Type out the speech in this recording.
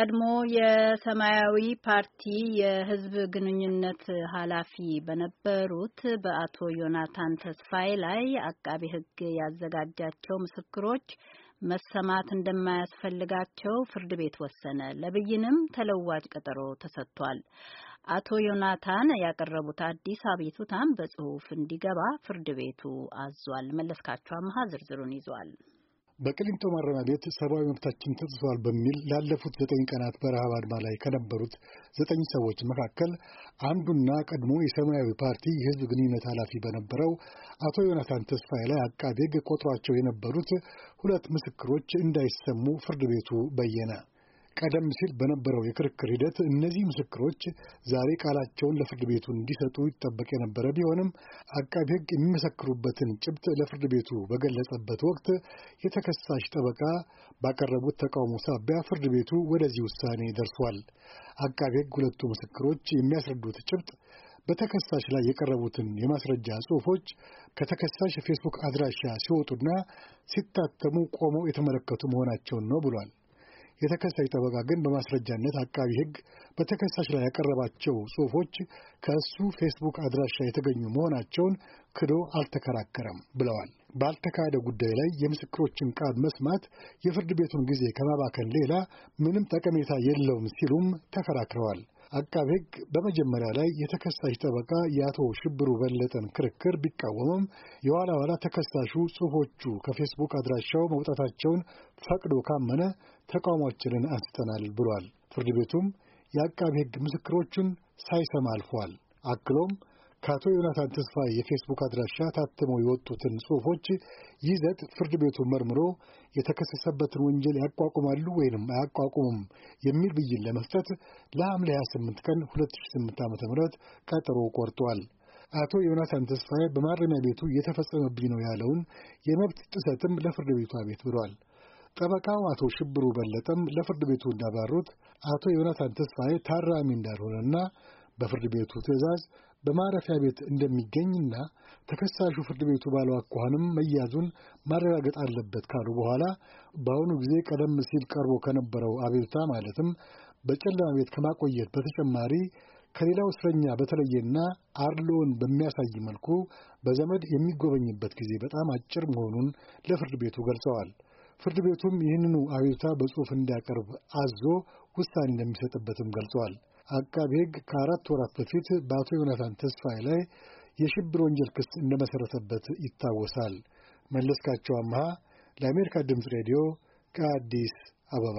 ቀድሞ የሰማያዊ ፓርቲ የህዝብ ግንኙነት ኃላፊ በነበሩት በአቶ ዮናታን ተስፋዬ ላይ አቃቢ ህግ ያዘጋጃቸው ምስክሮች መሰማት እንደማያስፈልጋቸው ፍርድ ቤት ወሰነ። ለብይንም ተለዋጭ ቀጠሮ ተሰጥቷል። አቶ ዮናታን ያቀረቡት አዲስ አቤቱታም በጽሁፍ እንዲገባ ፍርድ ቤቱ አዟል። መለስካቸው አመሀ ዝርዝሩን ይዟል። በቅሊንጦ ማረሚያ ቤት ሰብአዊ መብታችን ተጥሷል በሚል ላለፉት ዘጠኝ ቀናት በረሃብ አድማ ላይ ከነበሩት ዘጠኝ ሰዎች መካከል አንዱና ቀድሞ የሰማያዊ ፓርቲ የህዝብ ግንኙነት ኃላፊ በነበረው አቶ ዮናታን ተስፋዬ ላይ አቃቤ ሕግ ቆጥሯቸው የነበሩት ሁለት ምስክሮች እንዳይሰሙ ፍርድ ቤቱ በየነ። ቀደም ሲል በነበረው የክርክር ሂደት እነዚህ ምስክሮች ዛሬ ቃላቸውን ለፍርድ ቤቱ እንዲሰጡ ይጠበቅ የነበረ ቢሆንም አቃቢ ሕግ የሚመሰክሩበትን ጭብጥ ለፍርድ ቤቱ በገለጸበት ወቅት የተከሳሽ ጠበቃ ባቀረቡት ተቃውሞ ሳቢያ ፍርድ ቤቱ ወደዚህ ውሳኔ ደርሷል። አቃቢ ሕግ ሁለቱ ምስክሮች የሚያስረዱት ጭብጥ በተከሳሽ ላይ የቀረቡትን የማስረጃ ጽሑፎች ከተከሳሽ ፌስቡክ አድራሻ ሲወጡና ሲታተሙ ቆመው የተመለከቱ መሆናቸውን ነው ብሏል። የተከሳሽ ጠበቃ ግን በማስረጃነት አቃቢ ሕግ በተከሳሽ ላይ ያቀረባቸው ጽሑፎች ከእሱ ፌስቡክ አድራሻ የተገኙ መሆናቸውን ክዶ አልተከራከረም ብለዋል ባልተካሄደ ጉዳይ ላይ የምስክሮችን ቃል መስማት የፍርድ ቤቱን ጊዜ ከማባከን ሌላ ምንም ጠቀሜታ የለውም ሲሉም ተከራክረዋል። አቃቤ ሕግ በመጀመሪያ ላይ የተከሳሽ ጠበቃ የአቶ ሽብሩ በለጠን ክርክር ቢቃወምም የኋላ ኋላ ተከሳሹ ጽሑፎቹ ከፌስቡክ አድራሻው መውጣታቸውን ፈቅዶ ካመነ ተቃውሟችንን አንስተናል ብሏል። ፍርድ ቤቱም የአቃቤ ሕግ ምስክሮቹን ሳይሰማ አልፏል። አክሎም ከአቶ ዮናታን ተስፋዬ የፌስቡክ አድራሻ ታትመው የወጡትን ጽሁፎች ይዘት ፍርድ ቤቱ መርምሮ የተከሰሰበትን ወንጀል ያቋቁማሉ ወይንም አያቋቁሙም የሚል ብይን ለመስጠት ለሐምሌ 28 ቀን 2008 ዓ ም ቀጠሮ ቆርጧል። አቶ ዮናታን ተስፋዬ በማረሚያ ቤቱ እየተፈጸመብኝ ነው ያለውን የመብት ጥሰትም ለፍርድ ቤቱ አቤት ብሏል። ጠበቃው አቶ ሽብሩ በለጠም ለፍርድ ቤቱ እንዳብራሩት አቶ ዮናታን ተስፋዬ ታራሚ እንዳልሆነና በፍርድ ቤቱ ትዕዛዝ በማረፊያ ቤት እንደሚገኝና ተከሳሹ ፍርድ ቤቱ ባለው አኳኋንም መያዙን ማረጋገጥ አለበት ካሉ በኋላ በአሁኑ ጊዜ ቀደም ሲል ቀርቦ ከነበረው አቤቱታ ማለትም በጨለማ ቤት ከማቆየት በተጨማሪ ከሌላው እስረኛ በተለየና አርሎን በሚያሳይ መልኩ በዘመድ የሚጎበኝበት ጊዜ በጣም አጭር መሆኑን ለፍርድ ቤቱ ገልጸዋል። ፍርድ ቤቱም ይህንኑ አቤቱታ በጽሑፍ እንዲያቀርብ አዞ ውሳኔ እንደሚሰጥበትም ገልጿል። አቃቢ ሕግ ከአራት ወራት በፊት በአቶ ዮናታን ተስፋዬ ላይ የሽብር ወንጀል ክስ እንደመሠረተበት ይታወሳል። መለስካቸው አምሃ ለአሜሪካ ድምፅ ሬዲዮ ከአዲስ አበባ